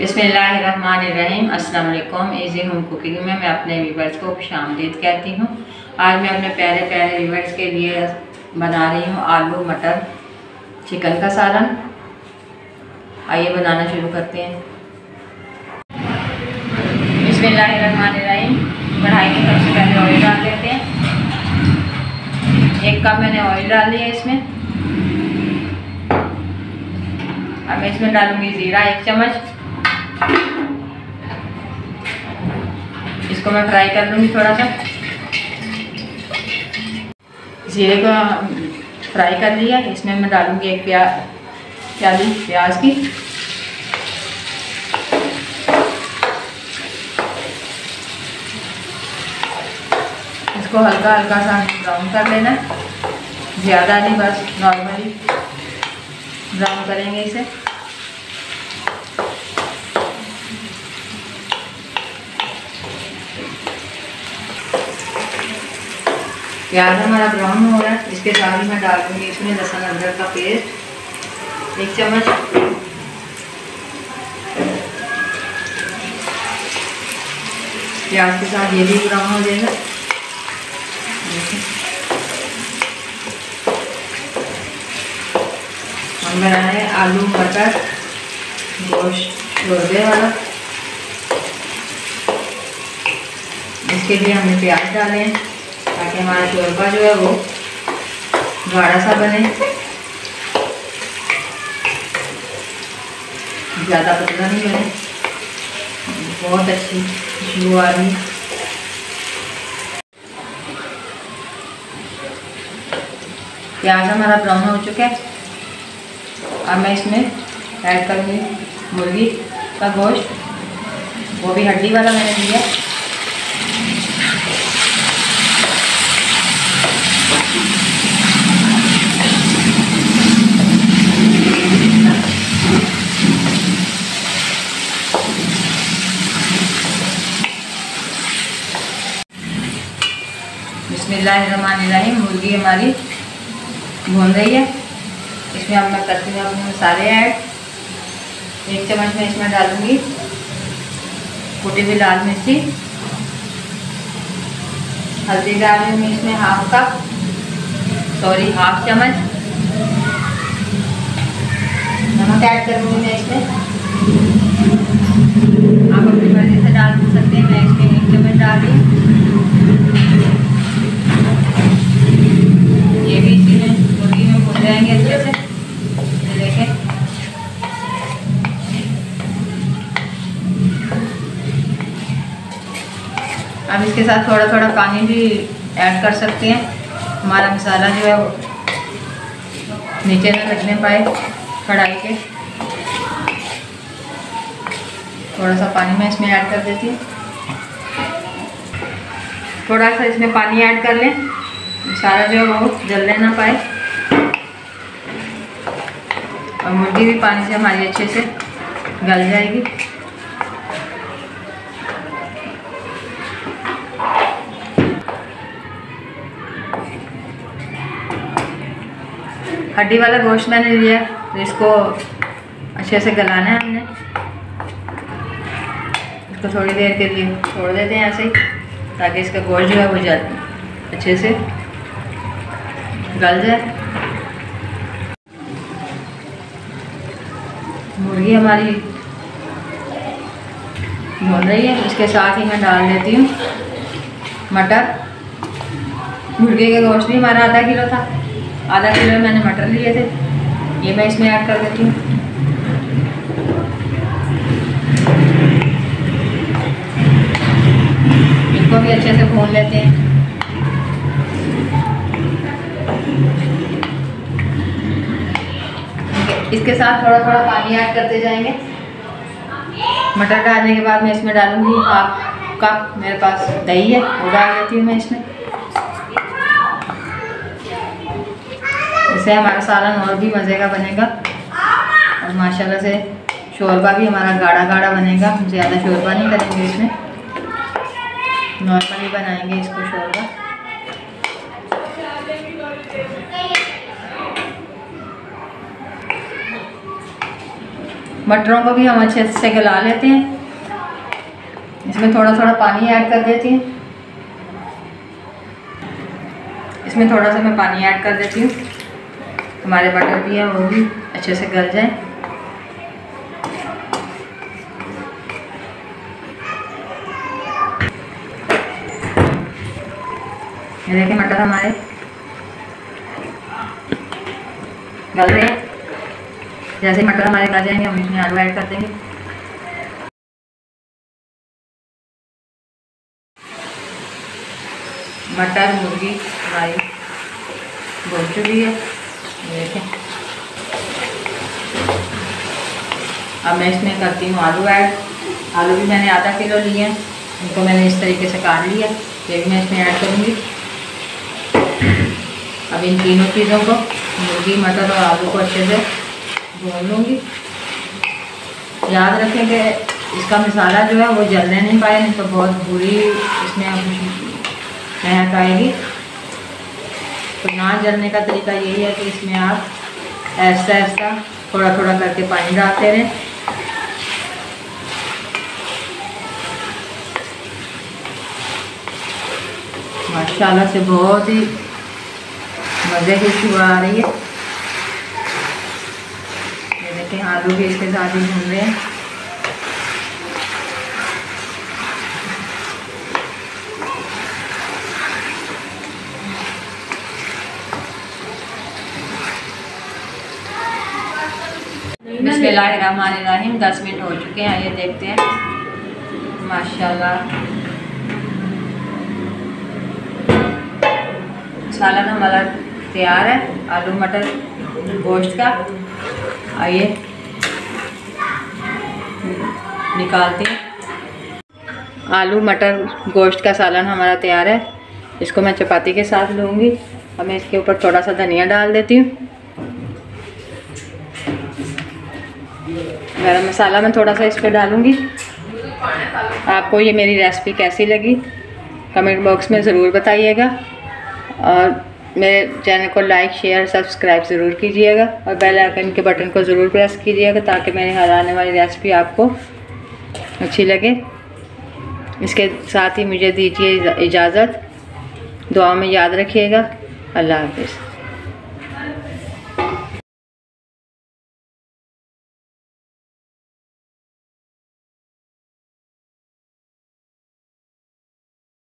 बिसमीम अल्लाम easy home cooking में मैं अपने व्यूवर्स को खुश आमदीद कहती हूँ आज मैं अपने प्यारे प्यारे व्यूवर्स के लिए बना रही हूँ आलू मटर चिकन का सालन आइए बनाना शुरू करते हैं बिसमीम कढ़ाई में सबसे पहले ऑयल डाल देते हैं एक कप मैंने ऑयल डाल दिया इसमें अब मैं इसमें डालूंगी ज़ीरा एक चम्मच इसको मैं फ्राई कर लूँगी थोड़ा सा जीरे को फ्राई कर लिया इसमें मैं डालूँगी एक प्याज प्याजी प्याज की इसको हल्का हल्का सा ब्राउन कर लेना ज़्यादा नहीं बस नॉर्मली ब्राउन करेंगे इसे प्याज हमारा ब्राउन हो रहा है इसके साथ ही मैं डाल दूँगी इसमें लहसुन अदरक का पेस्ट एक चम्मच प्याज के साथ ये भी ब्राउन हो जाएगा हम बनाए आलू मटर गोश्त शोरबे वाला इसके लिए हमने प्याज डाले हैं ताकि हमारा चोरपा जो है वो गाढ़ा सा बने ज़्यादा पतला नहीं बने बहुत अच्छी खुशबू आ रही प्याज हमारा ब्राउन हो चुका है अब मैं इसमें ऐड करूँगी मुर्गी का गोश्त वो भी हड्डी वाला मैंने दिया बिस्मिल्लाहिर्रहमानिर्रहीम मुर्गी हमारी भून रही है इसमें अब मैं करती हूँ अपने मसाले ऐड एक चम्मच में इसमें डालूँगी कुटी हुई लाल मिर्ची हल्दी डाल हूँ इसमें हाफ कप सॉरी हाफ चम्मच नमक ऐड करूँगी मैं इसमें आप अपनी मर्जी से डाल सकते हैं मैं इसमें एक चम्मच डाल रही हूँ अब इसके साथ थोड़ा थोड़ा पानी भी ऐड कर सकते हैं हमारा मसाला जो है वो नीचे ना लगने पाए कढ़ाई के थोड़ा सा पानी मैं इसमें ऐड कर देती हूँ थोड़ा सा इसमें पानी ऐड कर लें मसाला जो है वो जलने ना पाए और मुर्गी भी पानी से हमारी अच्छे से गल जाएगी हड्डी वाला गोश्त मैंने लिया तो इसको अच्छे से गलाना है हमने इसको थोड़ी देर के लिए छोड़ देते हैं ऐसे ही ताकि इसका गोश्त जो है वो जा अच्छे से गल जाए मुर्गी हमारी बोल रही है इसके साथ ही मैं डाल देती हूँ मटर मुर्गे का गोश्त भी हमारा आधा किलो था आधा किलो मैंने मटर लिए थे ये मैं इसमें ऐड कर देती हूँ इनको भी अच्छे से भून लेते हैं इसके साथ थोड़ा थोड़ा पानी ऐड करते जाएंगे मटर डालने के बाद मैं इसमें डालूंगी हाफ कप मेरे पास दही है वो डाल देती हूँ मैं इसमें इससे हमारा सालन और भी मज़े का बनेगा और माशाल्लाह से शोरबा भी हमारा गाढ़ा गाढ़ा बनेगा हम ज़्यादा शोरबा नहीं करेंगे इसमें नॉर्मली बनाएंगे इसको शोरबा मटरों को भी हम अच्छे से गला लेते हैं इसमें थोड़ा थोड़ा पानी ऐड कर देती हूँ इसमें थोड़ा सा मैं पानी ऐड कर देती हूँ हमारे बटर भी हैं वो भी अच्छे से गल जाए देखिए मटर हमारे गल रहे हैं जैसे मटर हमारे गल जाएंगे हम इसमें आलू ऐड कर देंगे मटर मुर्गी हमारी भुन चुकी है देखें अब मैं इसमें करती हूँ आलू ऐड आलू भी मैंने आधा किलो लिए हैं इनको मैंने इस तरीके से काट लिया ये भी मैं इसमें ऐड करूँगी अब इन तीनों चीज़ों को मुर्गी मटर और आलू को अच्छे से भून लूँगी याद रखें कि इसका मसाला जो है वो जलने नहीं पाए नहीं तो बहुत बुरी इसमें महक आएगी तो ना जलने का तरीका यही है कि इसमें आप ऐसा ऐसा थोड़ा थोड़ा करके पानी डालते रहें माशाला से बहुत ही मज़े की शुरू आ रही है ये देखें आलू भी इसके साथ ही भून रहे हैं बिस्मिल्लाहिर्रहमानिर्रहीम दस मिनट हो चुके हैं ये देखते हैं माशाल्लाह सालन हमारा तैयार है आलू मटर गोश्त का आइए निकालते हैं आलू मटर गोश्त का सालन हमारा तैयार है इसको मैं चपाती के साथ लूँगी और मैं इसके ऊपर थोड़ा सा धनिया डाल देती हूँ गरम मसाला मैं थोड़ा सा इस पर डालूँगी आपको ये मेरी रेसिपी कैसी लगी कमेंट बॉक्स में ज़रूर बताइएगा और मेरे चैनल को लाइक शेयर सब्सक्राइब ज़रूर कीजिएगा और बेल आइकन के बटन को ज़रूर प्रेस कीजिएगा ताकि मेरी हर आने वाली रेसिपी आपको अच्छी लगे इसके साथ ही मुझे दीजिए इजाज़त दुआ में याद रखिएगा अल्लाह हाफिज़